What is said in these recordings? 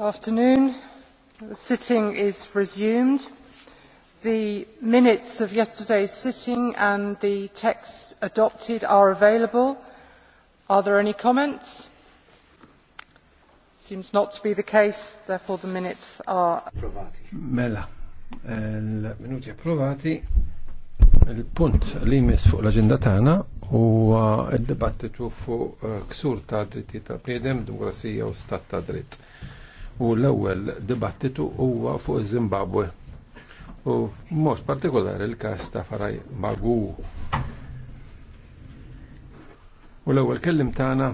afternoon. The sitting is resumed. The minutes of yesterday's sitting and the text adopted are available. Are there any comments? Seems not to be the case, therefore the minutes are approvati. Mela, il-minuti approvati, il-punt li jmiss fuq l-agenda tagħna huwa d-dibattitu fuq eh, ksur ta' dritti ta' priedem, demokrasija u stat ta' dritt u l-ewwel dibattitu huwa fuq iż-Zimbabwe. U mod partikolari l-każ ta' Faraj Magu. U l-ewwel kellim tagħna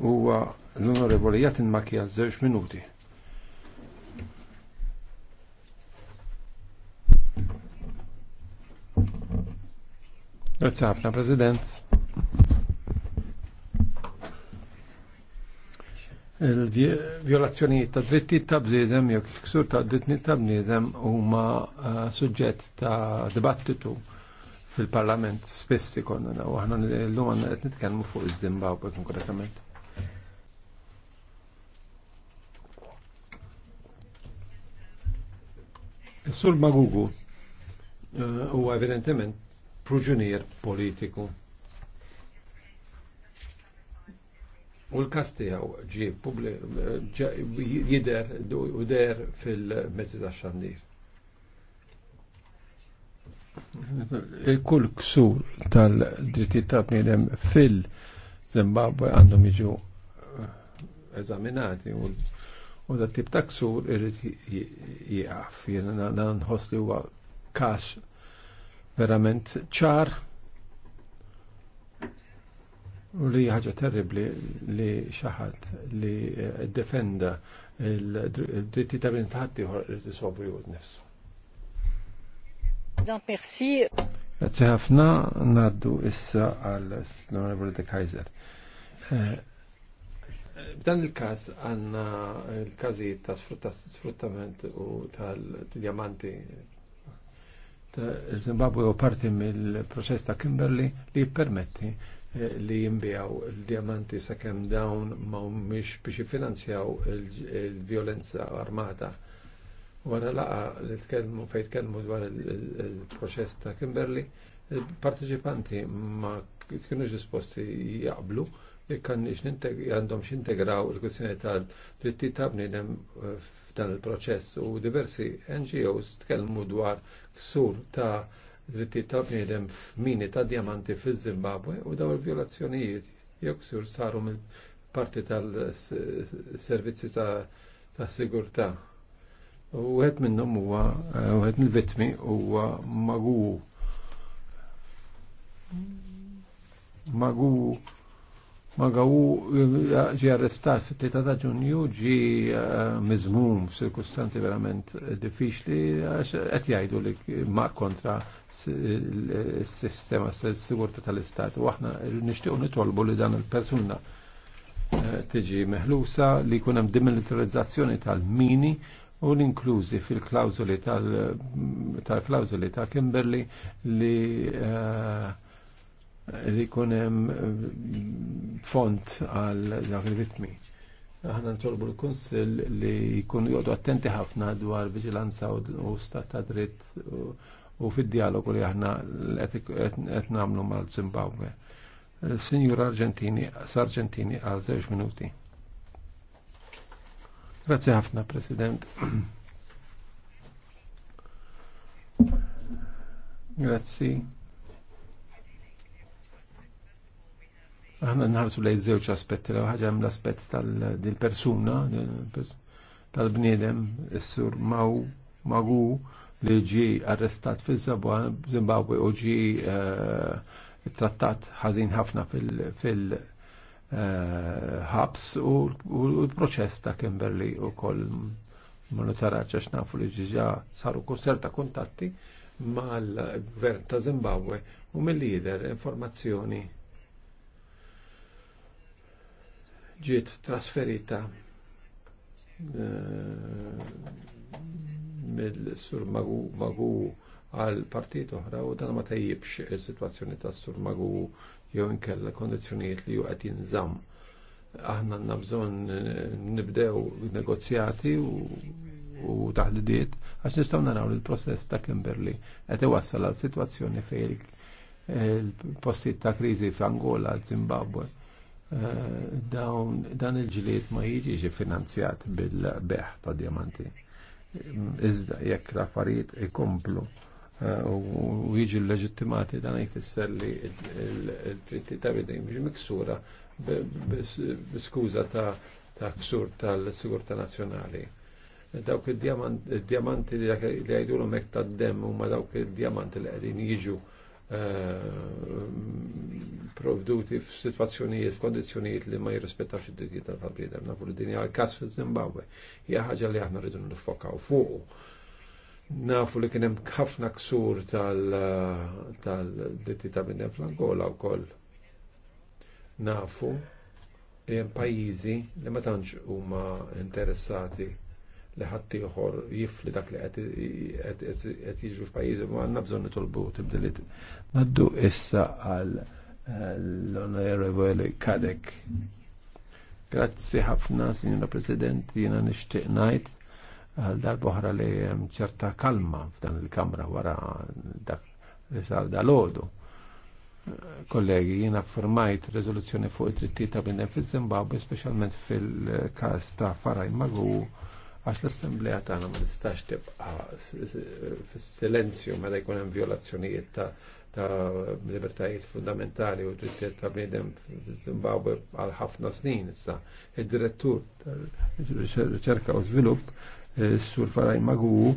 huwa l-Onorevoli Jatin Makija żewġ minuti. Grazie, President. il-violazzjonijiet ta' drittijiet ta' bniedem jew ksur ta' drittijiet ta' bniedem huma eh, suġġett ta' dibattitu fil-parlament spiss ikonna u aħna l-lum għandna qed nitkellmu fuq iż-Zimbabwe konkretament. sur Magugu eh, huwa evidentement proġunier politiku U l-kas ġi jider u der fil-mezzi ta' xandir. Il-kull ksur tal-drittijiet ta' bniedem fil-Zimbabwe għandhom jiġu eh, eżaminati u da tip ta' ksur irrid jgħaf. Jena nħoss huwa każ verament ċar U li ħaġa terribli li xaħat li eh, defenda il-dritti ta' bint ħaddieħor li tisobri u nifsu. persi. Grazie ħafna, naddu issa għal l de Kaiser. Eh, b'dan il-kas għanna il kazi ta' sfruttament u tal-diamanti ta' zimbabwe u parti mill-proċess ta' Kimberley li permetti li jimbijaw il-diamanti sakemm dawn ma mhumiex biex jiffinanzjaw il-violenza armata. Wara laqa li tkellmu fejn tkellmu dwar il-proċess ta' Kimberli, il-parteċipanti ma kienux disposti jaqblu li kan għandhom x'integraw il-kwistjoni tal-dritti ta' bniedem eh, f'dan il-proċess u diversi NGOs tkellmu dwar ksur ta' drittijiet ta' bniedem f'mini ta' diamanti fi zimbabwe u daw il-violazzjonijiet sur saru mill parti tal-servizzi ta' sigurtà. U għed minnum u għed mill-vitmi u magu magu għaw eh, ġi arrestat fit-3 ta' ġunju ġi eh, mizmum sirkustanti verament eh, diffiċli għax qed jgħidu li ma kontra s-sistema s-sigurta tal-istat u aħna nixtiequ nitolbu li dan il-persuna tiġi meħlusa li jkun hemm demilitarizzazzjoni tal-mini u l-inklużi fil-klawżoli tal-klawżoli ta' Kimberli li uh, li kunem eh, font għal dawk il-vitmi. Aħna ntolbu l-Kunsil li jkunu joqgħdu attenti ħafna dwar vigilanza u stat ta' dritt u fid-dialogu li aħna qed nagħmlu mal-Zimbabwe. Eh, Signor Argentini, Sargentini għal żewġ minuti. Grazie ħafna, President. Grazie. Aħna nħarsu lej żewġ aspetti, l ħaġa hemm l-aspett tal-persuna, tal-bniedem, s sur maw, magu li ġi arrestat fil Zimbabwe u ġi eh, trattat ħażin ħafna fil-ħabs eh, u l-proċess ta' Kimberly u koll monitoraċ għax nafu li ġiġa saru konserta kontatti mal-gvern ta' Zimbabwe u mill-lider informazzjoni ġiet trasferita mill-Sur Magu għal partit oħra u dan ma tajjibx il-situazzjoni ta' Sur Magu jew inkella kondizjonijiet li qed jinżamm. Aħna għandna bżonn nibdew negozjati u taħdidiet għax nistgħu naraw il-proċess ta' Kimberli qed iwassal għal sitwazzjoni fejn il-postijiet ta' kriżi f'Angola, Zimbabwe dawn dan il-ġiliet ma jiġi finanzjat bil-beħ ta' diamanti. Iżda jekk l-affarijiet ikomplu eh, u jiġi l leġittimati dan jfisser li l tritti ta' bidejn biex miksura b'skuża ta' ksur tal-sigurta nazzjonali. Dawk id-diamanti li għajdu l-mek ta' dem u ma dawk id-diamanti li għedin jiġu Eh, provduti f'sitwazzjonijiet, f'kondizzjonijiet li ma jirrispettax id-diritti tal bidem Nafu li dinja għal-kas f zimbabwe Hija ħaġa li aħna rridu nifokaw fuq. Nafu li kien hemm ħafna ksur tal-diritti ta' minnem fl-Angola wkoll. Nafu li hemm pajjiżi li ma tantx huma interessati li ħadd ieħor jifli dak li qed jiġu f'pajjiżi ma għandna bżonn nitolbu tibdilit. Naddu issa għal eh, l-Onorevoli Kadek. Grazzi ħafna, Signora President, jiena nixtieq ngħid għal darboħra li hemm ċerta kalma f'dan il-kamra wara dak li sar dal-għodu kollegi, jien affirmajt rezoluzzjoni fuq it trittita ta' bnedem zimbabwe specialment fil-każ ta' Faraj Magu għax l-Assembleja tagħna ma tistax tibqa' fis-silenzju meta jkun hemm violazzjonijiet ta' ta' libertajiet fundamentali u drittijiet ta' bniedem zimbabwe għal ħafna snin issa. Id-direttur tal-riċerka u żvilupp eh, Sur Faraj Magu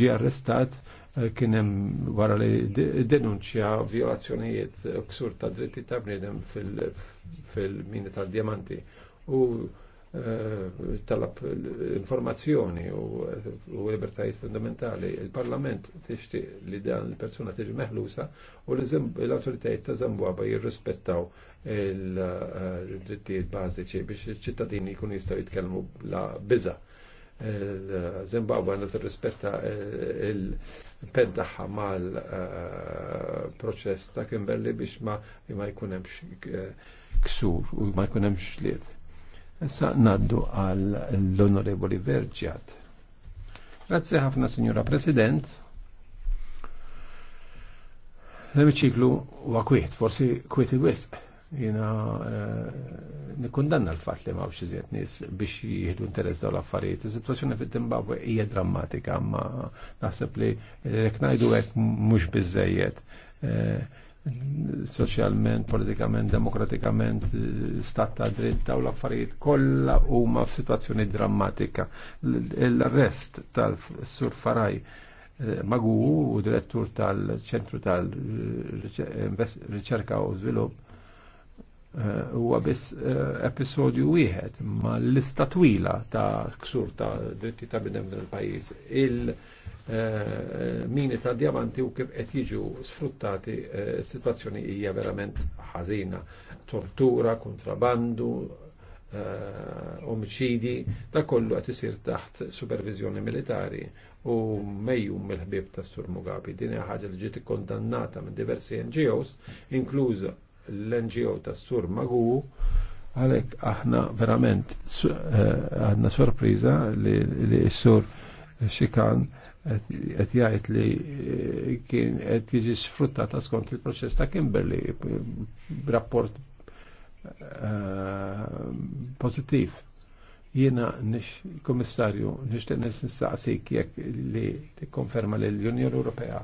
ġie arrestat eh, kien hemm wara li denunċja violazzjonijiet eh, ksur ta' dritti ta' bniedem fil-mini tad-diamanti. U Eh, talab informazzjoni u libertajiet fundamentali, il-parlament tixtieq li dan il-persuna tiġi meħlusa u l-autoritajiet ta' Zambwaba jirrispettaw il-drittijiet eh, bażiċi biex iċ-ċittadini jkunu jistgħu jitkellmu la biza. Eh, Zimbabwe għandha tirrispetta il-pen tagħha mal-proċess ta' Kimberley biex ma jkun hemmx ksur u ma jkun hemmx liet. Issa naddu għal l-Onorevoli Verġjat. Grazie ħafna, Signora President. L-emiċiklu huwa kwiet, forsi kwiet il-wisq. Jina eh, nikkundanna l-fat li mawx iżjed nis biex jihdu interess daw l-affarijiet. Is-sitwazzjoni fid-Zimbabwe hija drammatika, ma naħseb li rek ngħidu hekk mhux biżejjed eh, soċjalment, politikament, demokratikament, stat ta' dritt daw l-affarijiet kollha huma f'sitwazzjoni drammatika. L-arrest tal-Sur Faraj eh, Magu, u direttur tal-ċentru tal-riċerka u żvilupp, eh, huwa biss eh, episodju wieħed ma l-istatwila ta' ksur ta' dritti ta' bidem il-pajjiż. il Eh, mini ta' diamanti u kif qed jiġu sfruttati eh, situazzjoni hija verament ħażina. Tortura, kontrabandu, eh, omicidi, da kollu qed isir taħt supervizjoni militari u mejju mill-ħbib ta' Sur Mugabi. Din hija ħaġa li ġiet ikkondannata minn diversi NGOs, inkluża l-NGO ta' Sur Magu, għalek aħna verament għadna sorpriża li s-sur xikan qed jgħid li eh, kien qed jiġi sfruttata skont il-proċess ta' kimberli b'rapport eh, pozittiv. Jiena nix komissarju nixtieq nistaqsik jekk li tikkonferma li l-Unjoni Ewropea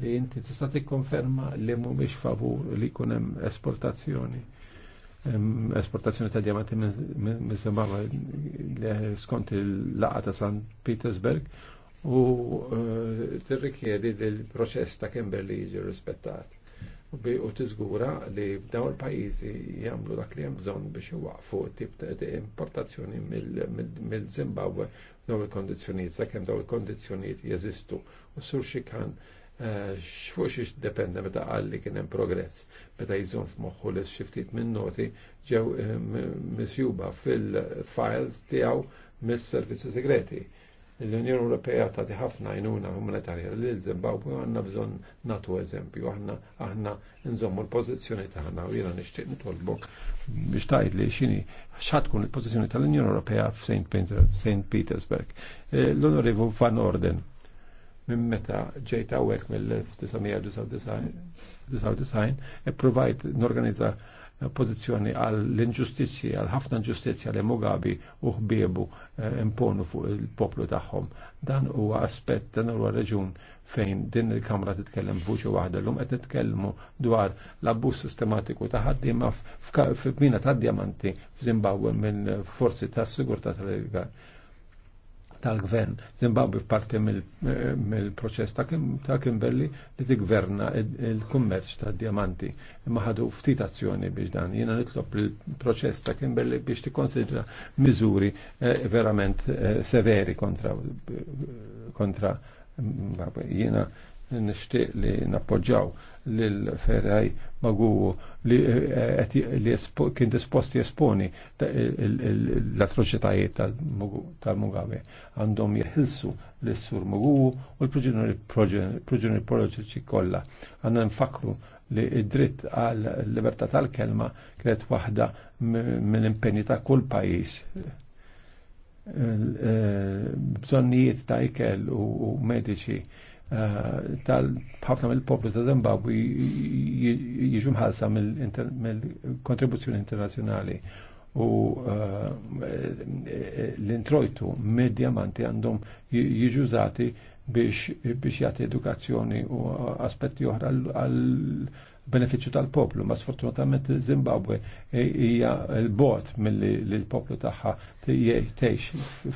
li inti tista' tikkonferma li mhumiex favur li jkun hemm esportazzjoni esportazzjoni ta' diamanti minn Zimbabwe eh, skont il-laqa ta' San Petersburg u eh, tirrikjedi li l-proċess ta' li jiġi rispettat u tiżgura li dawn il-pajjiżi jagħmlu dak li hemm bżonn biex iwaqfu tip ta' importazzjoni mill-Zimbabwe dawn il-kondizzjonijiet sakemm daw il-kondizzjonijiet jeżistu u sur xikan eh, xfu xiex dependa meta qal li kien hemm progress meta jżomm f'moħħu li xiftit minn noti ġew eh, misjuba fil-files tiegħu mis-servizzi segreti l-Unjoni Ewropea tagħti ħafna għajnuna umanitarja lil Zimbabwe għanna bżonn natu eżempju, aħna aħna nżommu l-pożizzjoni tagħna u jiena nixtieq nitolbok biex tgħid li x'inhi x'ħatkun il-pożizzjoni tal-Unjoni Ewropea f'St. Petersburg. Eh, l onorivu Van Orden minn meta ġejt għawek mill-1999 e provajt n-organizza pozizjoni għall-inġustizji, għal ħafna inġustizja li Mugabi u ħbiebu eh, imponu fuq il-poplu tagħhom. Dan huwa aspett dan huwa reġun fejn din il-Kamra titkellem vuċi waħda l-lum qed titkellmu dwar l-abbuż sistematiku ta' ħaddiema f'mina ta' diamanti f'Zimbabwe minn forzi ta' sigurtà tal-legal tal-gvern. Zimbabwe parti eh, mill-proċess ta' Kimberli li t-gverna il-kummerċ ta' diamanti. Ma ħadu ftit azzjoni biex dan. Jiena nitlob il-proċess ta' Kimberli biex tikkonsidra miżuri eh, verament eh, severi kontra kontra nishtiq li nappoġġaw l ferraj Magu li eh, eh, kien disposti esponi l-atroċitajiet tal-Mugabe għandhom jihilsu l-sur Magu u l-proġeneri politiċi kollha. Għandna nfakru li id-dritt għal libertà tal-kelma kienet waħda mill impenni ta' kull pajjiż eh, bżonnijiet ta' ikel u mediċi tal-ħafna mill-poplu ta' Zimbabwe jiġu mħassa mill-kontribuzzjoni internazjonali u eh, l-introjtu mid-diamanti għandhom jiġu użati biex jagħti edukazzjoni u aspetti oħra għal beneficju tal-poplu, ma sfortunatament Zimbabwe hija l-bot mill poplu tagħha tgħix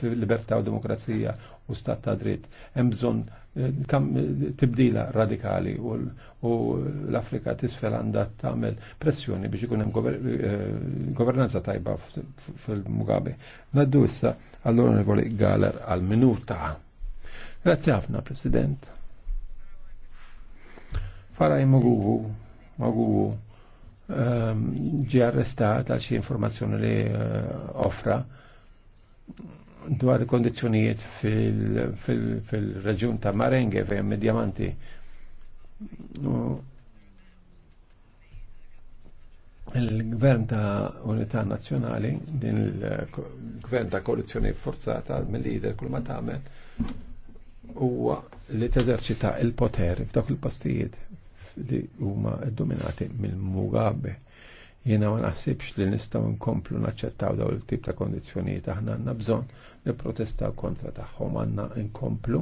fil-libertà u demokrazija u stat ta' dritt. Hemm bżonn kam tibdila radikali u l-Afrika tisfel għandha tagħmel pressjoni biex ikun hemm eh, governanza tajba fil-Mugabe. Naddu issa allora nivoli Galer għal minuta. Grazzi ħafna, President. Faraj Muguvu, Muguvu, ehm, ġi arrestat għal xi informazzjoni li eh, offra dwar kondizjonijiet fil-reġjun ta' Marenge fejn diamanti. Il-gvern ta' Unità Nazzjonali, din il-gvern ta' koalizjoni forzata mill-lider kull ma tagħmel huwa li teżerċita il-poter f'dak il-postijiet li huma dominati mill-Mugabe Jiena ma naħsibx li nistgħu nkomplu naċċettaw dawn il-tip ta' kondizzjonijiet aħna għandna bżonn nipprotestaw kontra tagħhom għandna nkomplu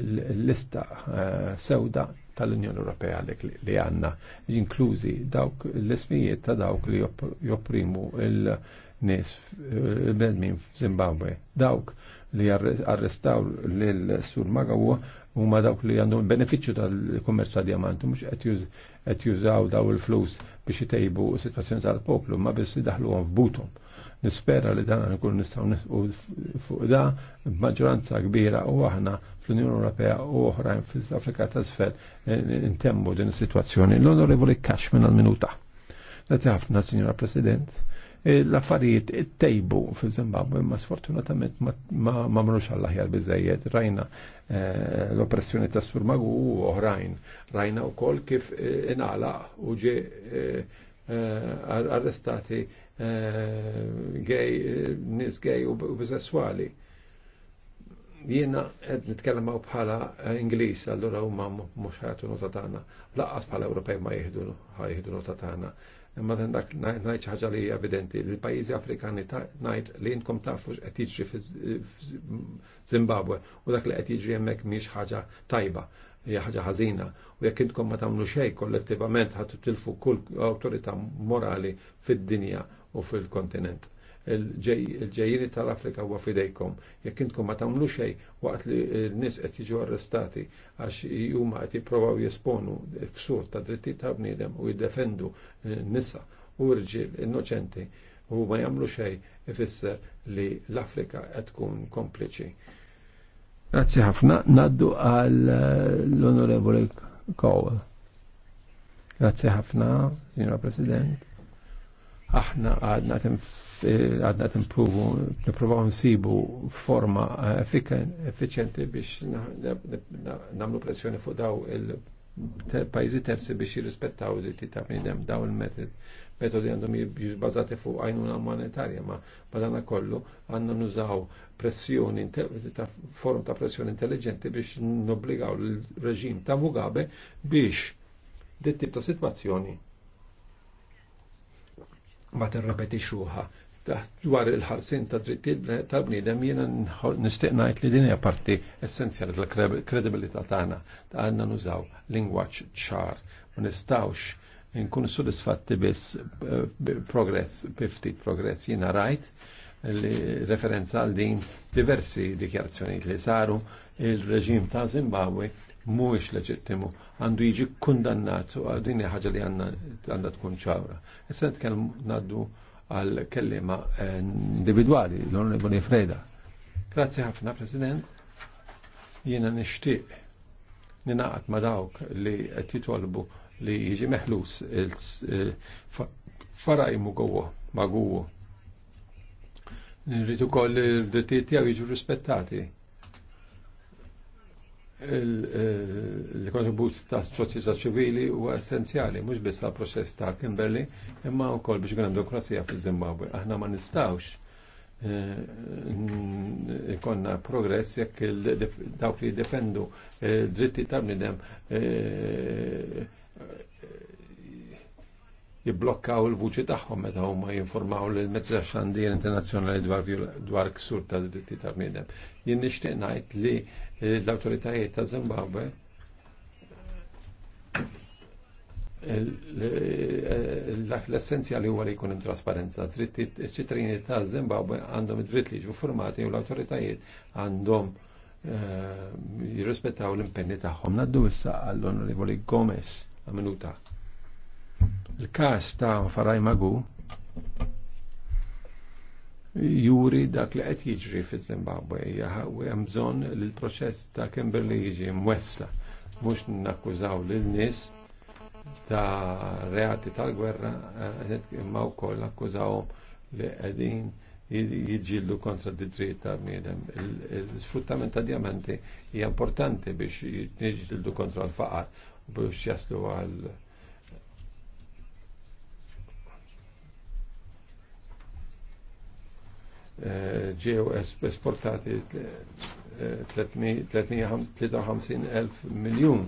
l-lista eh, sewda tal-Unjoni Ewropea li għandna, inklużi dawk l-ismijiet ta' dawk li jopprimu il-nies il-bnedmin f'Zimbabwe, dawk li arrestaw l Sur Magawa huma dawk li għandhom benefiċċju tal-kummerċ ta' diamanti, mhux qed jużaw daw il-flus biex jtejbu s-sitwazzjoni tal-poplu, ma biss għom f'butom. Nispera li dan nkun nistgħu nisqu fuq da b'maġġoranza kbira u aħna fl-Unjoni Ewropea u oħrajn fl-Afrika ta' Sfel eh, intemmu din is-sitwazzjoni. L-Onorevoli Cashman għal-minuta. Grazie ħafna, Signora President l-affarijiet tejbu fi Zimbabwe, ma sfortunatament ma mamrux għall-ħjar bizzejiet, rajna eh, l-oppressjoni ta' Surmagu u oħrajn, rajna u kol kif eh, inqala u ġe eh, arrestati gej, nis gej u bisessuali jiena qed nitkellemaw bħala Ingliż, allura huma mhux ħajtu nota tagħna. Laqqas bħala Ewropej ma jieħdu ħajħdu nota tagħna. Imma dak najt ħaġa li evidenti li l-pajjiżi Afrikani najt li intkom tafu qed jiġri eh, Zimbabwe u dak li qed jiġri hemmhekk mhix ħaġa tajba hija ħaġa ħażina u jekk intkom ma tagħmlu xejn kollettivament ħadd tilfu kull awtorità morali fid-dinja u fil-kontinent il-ġejjini tal-Afrika huwa fidejkom. Jekk intkom ma tagħmlu xejn waqt li n-nies qed jiġu arrestati għax huma qed jippruvaw jesponu ksur ta' drittijiet ta' bniedem u jiddefendu n-nisa u rġiel innoċenti u ma jagħmlu xejn ifisser li l-Afrika qed tkun kompliċi. Grazzi ħafna, naddu għal eh, l-Onorevole Cowell. Grazzi ħafna, Signora President aħna għadna għadna timpruvu, nipruvaw nsibu forma eh, effiċenti biex namlu pressjoni fuq daw il-pajzi terzi biex jirrispettaw li tita' dem daw il-metod metodi għandhom jibbazati fuq għajnuna monetarja, ma badana kollu għandna nużaw pressjoni, ta' form ta' pressjoni intelligenti biex nobbligaw l-reġim ta' Mugabe biex dit tip ta' situazzjoni ma xuħa. Taħt dwar il-ħarsin ta' dritti ta' bnidem jena nistiqnajt li dinja parti essenzjali tal-kredibilità tagħna ta' għanna nużaw lingwaċ ċar u nistgħux nkunu sodisfatti biss progress, ftit progress jena rajt li referenza għal din diversi dikjarazzjoni li saru il-reġim ta' Zimbabwe mhuwiex leġittimu, għandu jiġi kundannat u din ħaġa li għandha tkun ċawra. Issa nitkellmu ngħaddu għal kellima eh, individwali, l-Onorevoli Freda. Grazzi ħafna, President. Jiena nixtieq ninaqat ma dawk li qed jitolbu li jiġi meħlus il eh, mu għuwa, ma għuwa. Nirritu koll il-drittijiet tiegħu jiġu rispettati il-kontribut ta' soċjetà ċivili huwa essenzjali, mhux biss għal proċess ta' Kimberley, imma wkoll biex ikun hemm demokrazija fiż-Zimbabwe. Aħna ma nistgħux eh, ikonna progress jekk dawk li jiddefendu eh, dritti ta' bnidem eh, jibblokkaw il-vuċi tagħhom meta huma jinformaw l mezza xandir internazzjonali dwar ksur ta' dritti ta' bniedem. Jien nixtieq ngħid li l-autoritajiet ta' Zimbabwe l-essenzjali huwa li jkun trasparenza. Drittit iċ ta' Zimbabwe għandhom id-dritt li ġu formati u l autoritajiet għandhom eh, jirrispettaw l-impenni tagħhom. Naddu issa għall-Onorevoli Gomez għamenuta. il kas ta' Faraj Magu juri dak li qed jiġri fiż-Zimbabwe hemm bżonn li l-proċess ta' Kimberley jiġi mwessa mhux nakkużaw lil nies ta' reati tal-gwerra eh, imma wkoll akkużawhom li qegħdin jiġġieldu kontra d-dritt ta' bniedem. L-sfruttament ta' diamanti hija importanti biex jiġġieldu kontra l-faqar biex jaslu għal ġew esportati 353.000 miljon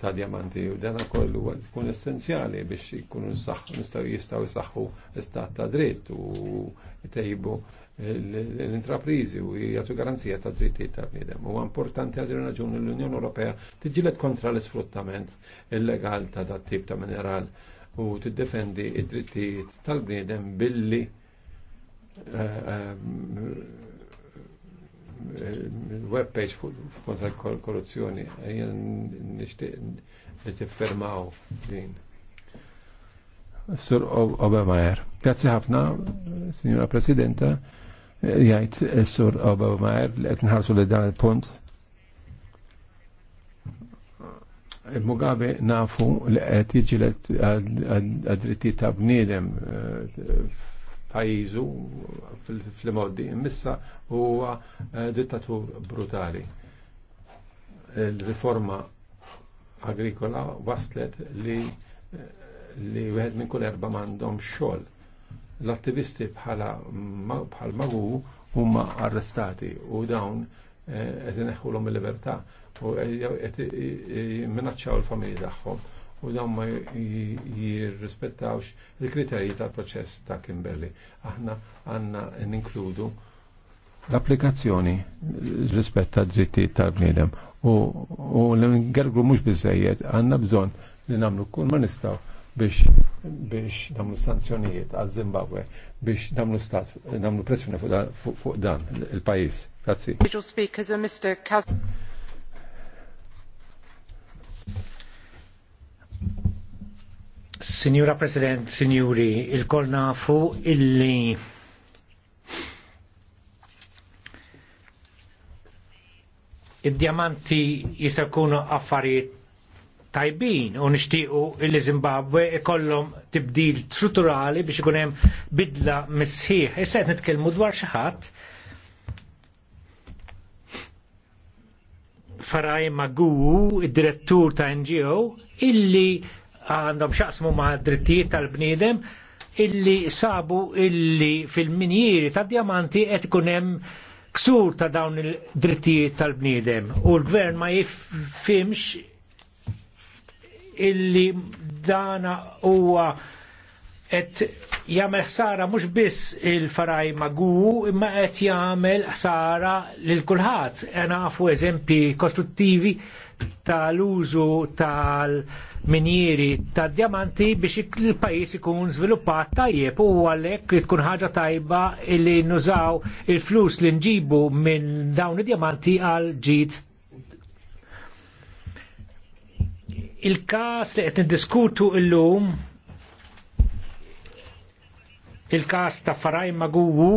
ta' diamanti u dana kollu kun essenzjali biex jkunu nistaw jistaw jisaxħu istat ta' dritt u tejbu l-intraprizi u jgħatu garanzija ta' drittijiet ta' bniedem. U importanti għal raġuni l-Unjoni Ewropea tiġilet kontra l-isfruttament illegal ta' dat tip ta' mineral u tiddefendi id-drittijiet tal-bniedem billi il-web eh, eh, page kontra korruzzjoni jen nixtieq li tiffermaw din. Sur Obamaer. Grazie ħafna, Signora Presidenta, jajt eh, Sur Obamaer li qed nħarsu li dan il-punt. Mugabe nafu li qed jiġi għad-drittijiet ta' bniedem pajizu fil-modi, missa huwa eh, dittatur brutali. Il-riforma agrikola waslet li eh, li wieħed minn kull erba' m'għandhom xogħol. L-attivisti bħala bħal magu huma arrestati u dawn eh, qed ineħħulhom il-libertà u qed minaċċaw il-familji tagħhom u dawn ma jirrispettawx il-kriterji tal-proċess ta' Kimberli. Aħna għanna ninkludu l-applikazzjoni rispetta dritti tal-bniedem u l ingergru mux bizzejiet għanna bżon li namlu kull ma nistaw biex biex namlu sanzjonijiet għal Zimbabwe biex namlu stat namlu pressjoni fuq dan il-pajis. Grazzi. Signora President, signori, il-kol nafu illi id-diamanti jista' jkunu affarijiet tajbin u nixtiequ il Zimbabwe ikollhom tibdil strutturali biex ikun hemm bidla mis Issa qed nitkellmu dwar xi ħadd Faraj Magu, id-direttur ta' NGO, illi għandhom xaqsmu ma' drittijiet tal-bniedem illi sabu illi fil-minjiri ta' diamanti qed ikun hemm ksur ta' dawn il-drittijiet tal-bniedem u l-gvern ma jifimx illi dana huwa qed jagħmel ħsara mhux biss il-faraj magu imma qed jagħmel ħsara lil kulħadd. Nafu eżempji kostruttivi tal-użu tal-minjiri tad-djamanti biex il-pajis ikun żviluppat tajjeb u għalhekk tkun ħaġa tajba li nużaw il-flus li nġibu minn dawn id-djamanti għal ġid il-kas li qed niddiskutu illum il-kas ta' Faraj Maguwu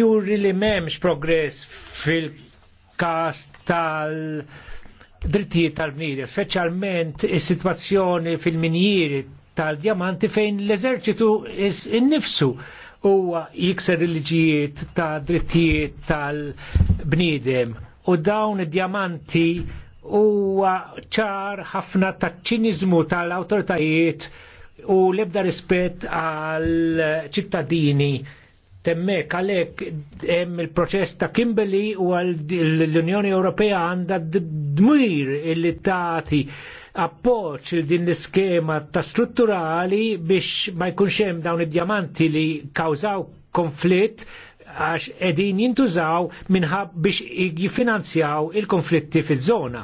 juri li m'hemmx progress fil-kas tal drittijiet tal-bniedem, speċjalment is-sitwazzjoni fil-minjieri tal-djamanti fejn l-eżerċitu innifsu huwa jikser il-liġijiet ta' drittijiet tal-bniedem u dawn id-djamanti huwa ċar ħafna ta' ċinizmu tal-awtoritajiet u l-ebda rispett għal ċittadini emmek għalek hemm il-proċess ta' Kimberley u l-Unjoni Ewropea għandha dmir illi tati appoġġ il din l-iskema ta' strutturali biex ma jkunx hemm dawn id diamanti li kawżaw konflitt għax edin jintużaw minħab biex jifinanzjaw il-konflitti fiż-żona.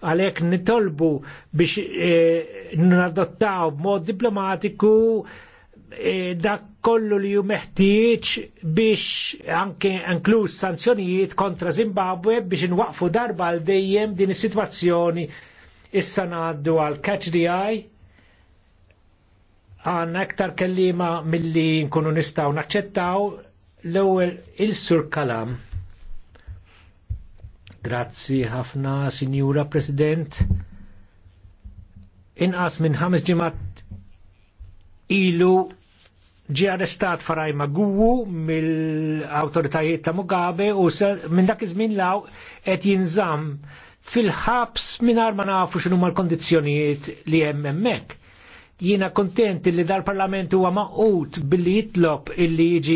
Għalek nitolbu biex eh, nadottaw b'mod diplomatiku eh, dak kollu li ju meħtieġ biex anke inkluż sanzjonijiet kontra Zimbabwe biex inwaqfu darba għal dejjem din is-sitwazzjoni issa ngħaddu għal catch the eye għan aktar kellima mill-li nkunu nistaw naċċettaw l-ewwel il-sur kalam. Grazzi ħafna, Sinjura President. Inqas minn ħames ġimgħat ilu ġi arrestat Faraj Maguwu mill-autoritajiet ta' Mugabe u minn dak iż-żmien law qed jinżamm fil-ħabs mingħajr ma nafu x'inhuma l-kondizzjonijiet li hemm hemmhekk. Jiena kontent li dal-parlament huwa maqut billi jitlob illi jiġi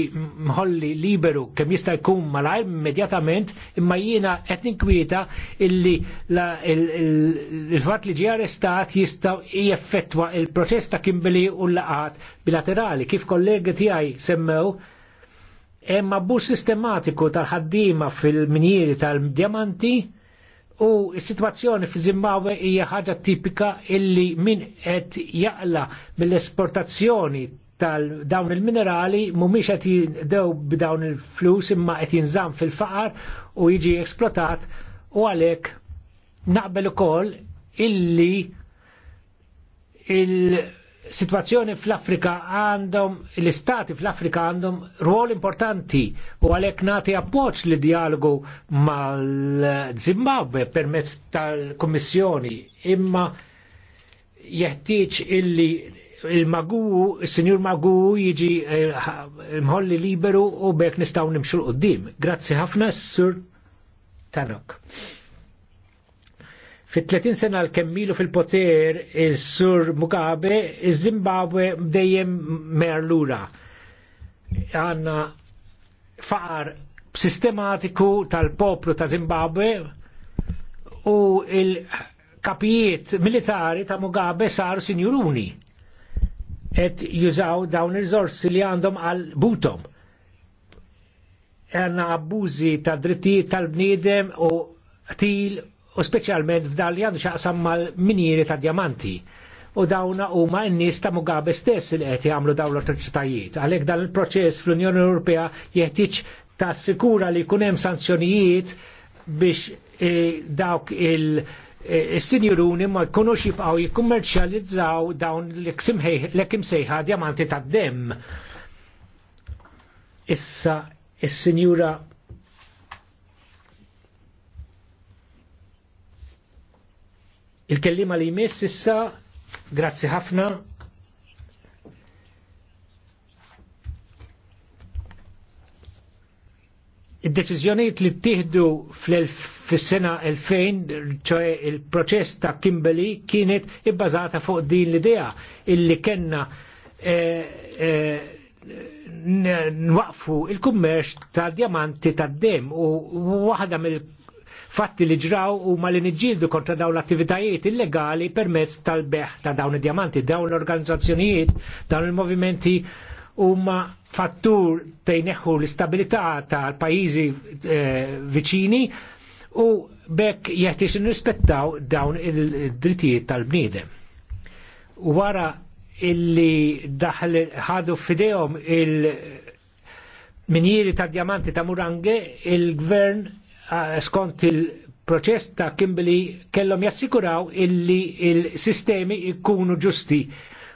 mħolli liberu kemm jista' jkun malajr immedjatament imma jiena qed ninkwieta illi il-fatt li ġie arrestat jista' jeffettwa il-proċess ta' Kimberley u l-laqat bilaterali kif kollegi tiegħi semmew hemm abbuż sistematiku tal-ħaddiema fil-minjieri tal-djamanti U s-situazzjoni fi Zimbabwe hija ħaġa tipika illi min qed jaqla mill-esportazzjoni tal-dawn il-minerali mhumiex qed jindew b'dawn il-flus imma qed jinżamm fil-faqar u jiġi eksplotat u għalhekk naqbel ukoll illi il- situazzjoni fl-Afrika għandhom, l-istati fl-Afrika għandhom ruol importanti u għalek nati appoċ li dialogu mal-Zimbabwe permezz tal-Kommissjoni imma jeħtieġ illi il-magu, il-senjur magu jiġi eh, mħolli liberu u bek nistaw nimxu l-qoddim. Grazzi ħafna, Sur Tanok. Fit-30 sena l-kemmilu fil-poter is-sur Mugabe, iż-Zimbabwe dejjem merlura. Għanna faqar sistematiku tal-poplu ta' Zimbabwe u il-kapijiet militari ta' Mugabe saru sinjuruni et jużaw dawn il-rizorsi li għandhom għal butom. Għanna abbużi ta' drittijiet tal bnidem u til u speċjalment f'dan li għandu xaqsam mal-minjiri ta' diamanti. U dawna huma n-nies ta' Mugabe stess li qed jagħmlu dawn l-atroċitajiet. Għalhekk dan il-proċess fl-Unjoni Ewropea jeħtieġ ta' sikura li jkun hemm sanzjonijiet biex e, dawk il- Is-sinjuruni e, ma jkunux jibqgħu jikkummerċjalizzaw dawn l-ekim sejħa diamanti tad dem. Issa, is-sinjura Il-kellima li jmiss issa, grazzi ħafna. Id-deċiżjonijiet li ttieħdu fis-sena 2000, ċoe il-proċess ta' Kimberley kienet ibbażata fuq din l-idea illi kenna eh, eh, nwaqfu il-kummerċ ta' djamanti ta' dem u waħda mill fatti li ġraw u ma li nġildu kontra dawn l-attivitajiet illegali permezz tal-beħ ta' dawn id-diamanti, dawn l-organizzazzjonijiet, dawn il-movimenti huma fattur tejneħu l-istabilità tal-pajizi eh, viċini u bekk jeħtiex nirrispettaw dawn il-drittijiet tal-bniedem. U wara illi daħl ħadu fidejhom il-minjieri ta' djamanti ta' Murange, il-gvern skont il-proċess ta' Kimberley kellhom jassikuraw illi il-sistemi jkunu ġusti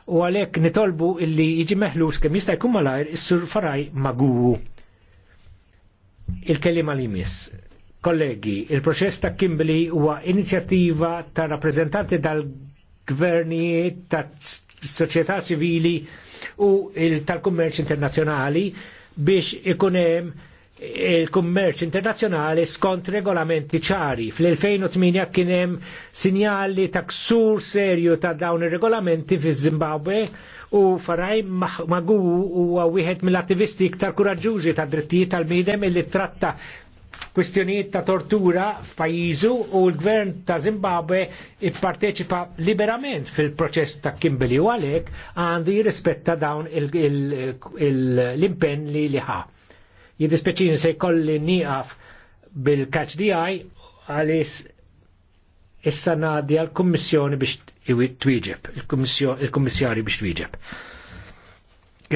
u għalhekk nitolbu illi jiġi meħlus kemm jista' jkun malajr is-sur Faraj Magu. Il-kelima li miss. Kollegi, il-proċess ta' Kimberley huwa inizjattiva ta' rappreżentanti tal-gvernijiet ta' soċjetà ċivili u tal-kummerċ internazzjonali biex ikun hemm il-kummerċ internazzjonali skont regolamenti ċari. Fl-2008 kien hemm sinjali ta' ksur serju ta' dawn ir-regolamenti fi Zimbabwe u faraj magu u wieħed mill-attivisti iktar kuraġuġi ta' drittijiet tal-bniedem illi tratta kwistjonijiet ta' tortura f'pajjiżu u l-gvern ta' Zimbabwe ipparteċipa liberament fil-proċess ta' Kimberley u għalhekk għandu jirrispetta dawn l-impenn li liħa. Jidispeċini se jkolli niqaf bil-catch di għaj għalis issa nadi għal-kommissjoni biex twieġeb, il-kommissjari biex twieġeb.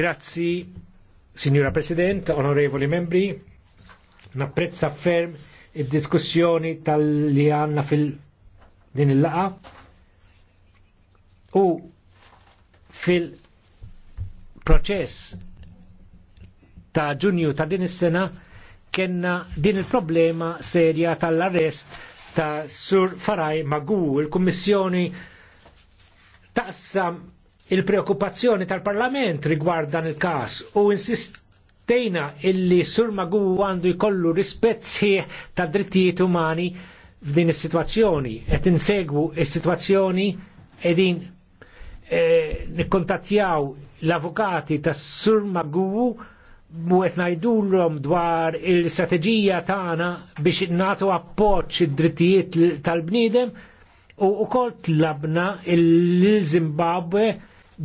Grazzi, Signora President, onorevoli membri, napprezza ferm id-diskussjoni tal-li għanna fil-din il-laqa u fil-proċess ta' ġunju ta' din is-sena kenna din il-problema serja tal-arrest ta' Sur Faraj Magu, il-Kummissjoni taqsam il-preokkupazzjoni tal-Parlament rigward dan il-kas u insistejna illi Sur Magu għandu jkollu rispett sħiħ ta' drittijiet umani f'din is-sitwazzjoni, qed insegwu is-sitwazzjoni qegħdin eh, nikkontattjaw l-avukati tas Sur Magu mu qed ngħidulhom dwar il-strateġija tagħna biex natu appoġġ id-drittijiet tal-bniedem u wkoll tlabna l-Zimbabwe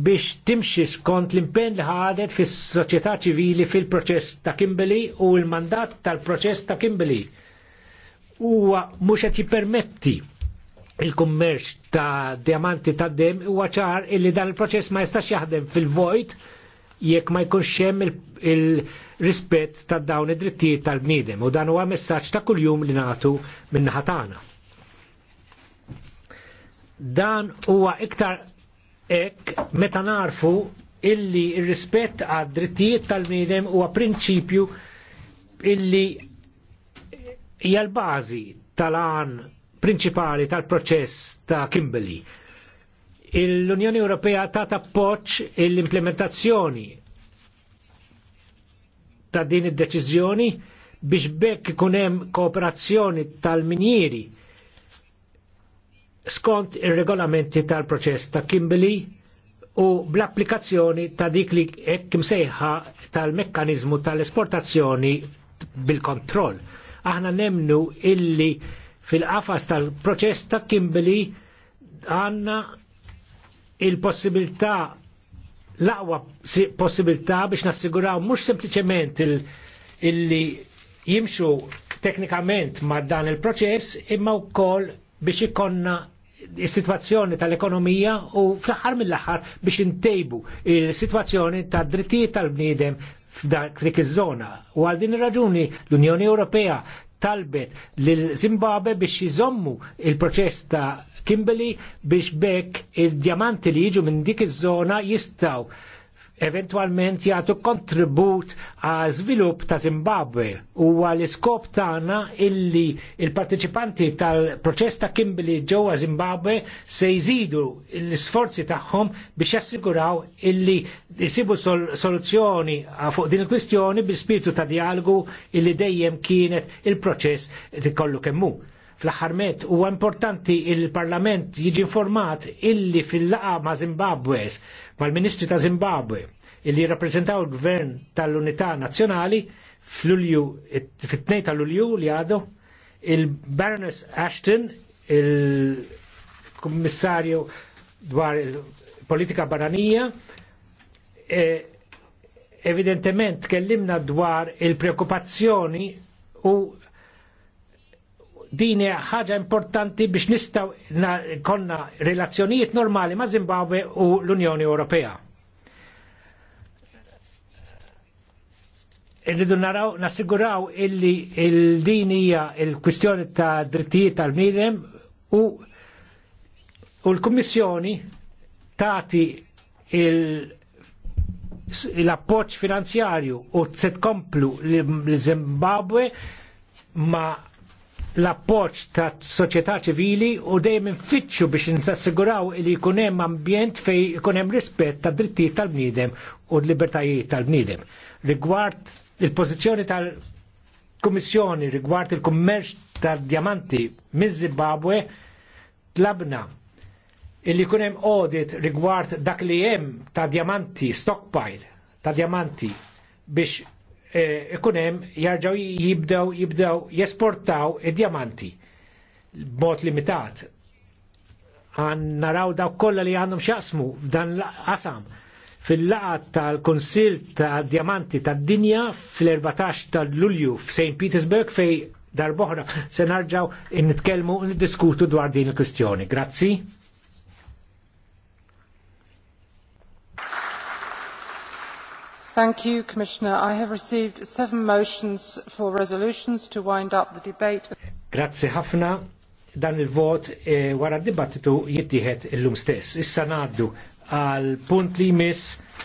biex timxi skont l-impenn li ħadet fis-soċjetà ċivili fil-proċess ta' Kimberley u l-mandat tal-proċess ta' Kimberley. Huwa mhux qed jippermetti il-kummerċ ta' diamanti ta' dem huwa ċar illi dan il-proċess ma jistax jaħdem fil-vojt jekk ma jkunx hemm il-rispett ta' dawn id-drittijiet tal-bniedem u dan huwa messaġġ ta' kuljum li nagħtu min-naħa tagħna. Dan huwa iktar hekk meta narfu illi ir-rispett għad drittijiet tal-bniedem huwa prinċipju illi hija l-bażi tal-għan prinċipali tal-proċess ta' Kimberley l-Unjoni Ewropea tat appoġġ l-implementazzjoni ta' din id-deċiżjoni biex bekk ikun hemm kooperazzjoni tal-minjieri skont ir-regolamenti tal-proċess ta' Kimberley u bl-applikazzjoni ta' dik li kim sejħa tal-mekkanizmu tal-esportazzjoni bil-kontroll. Aħna nemnu illi fil-qafas tal-proċess ta' Kimberley għanna il-possibilità l-aqwa possibilità biex nassiguraw mhux sempliċement illi jimxu teknikament ma dan il-proċess imma wkoll biex ikonna is-sitwazzjoni tal-ekonomija u fl-aħħar mill-aħħar biex intejbu is-sitwazzjoni tad drittijiet tal-bniedem f'dik iż-żona. U għal din ir-raġuni l-Unjoni Ewropea talbet lil Zimbabwe biex jizommu il-proċess ta' Kimberley biex bekk il-djamanti li jiġu minn dik iż-żona jistaw eventualment jagħtu kontribut għal żvilupp ta' Zimbabwe u għal iskop tagħna illi il parteċipanti tal-proċess ta' Kimberley ġewwa Zimbabwe se jżidu l-isforzi tagħhom biex jassiguraw illi jsibu sol soluzzjoni fuq din il-kwistjoni bi spiritu ta' dialogu illi dejjem kienet il-proċess kollu kemm hu fl-aħħar met huwa importanti il-Parlament jiġi informat illi fil-laqa ma' Zimbabwe, mal-Ministri ta' Zimbabwe, illi jirrappreżentaw il-Gvern tal-Unità Nazzjonali fl-Ulju, fit-2 tal-Ulju li għadu, il-Baroness Ashton, il-Kummissarju dwar il-Politika Barranija, e, evidentement kellimna dwar il-preokkupazzjoni u dini ħaġa importanti biex nistaw konna relazzjonijiet normali ma' Zimbabwe u l-Unjoni Ewropea. Irridu naraw, nassiguraw illi il-din hija il-kwistjoni ta' drittijiet tal-bniedem u u l-Kummissjoni tagħti l-appoġġ finanzjarju u se tkomplu l-Zimbabwe ma' l-appoċ ta' soċjetà ċivili u dejjem infittxu biex nsassiguraw li jkun hemm ambjent fejn ikun hemm rispett tad drittijiet tal-bniedem u l-libertajiet tal-bniedem. Rigward il-pożizzjoni tal-Kummissjoni rigward il-kummerċ tal-djamanti miż Zimbabwe tlabna illi jkun hemm audit rigward dak li hemm ta' djamanti stockpile ta' djamanti biex E, ikunem jarġaw jibdew jibdew jesportaw id-diamanti e b'mod limitat. Għan naraw daw kolla li għandhom xaqsmu f'dan qasam fil-laqat tal-Konsil tal-Diamanti tad-Dinja fil-14 tal-Lulju f'St. Petersburg fej darboħra se narġaw nitkelmu un-diskutu dwar din il kustjoni Grazzi. Thank you, Commissioner. I have received seven motions for resolutions to wind up the debate. Grazie ħafna. Dan il-vot e, wara d-dibattitu jittieħed illum stess. Issa ngħaddu għal punt li jmiss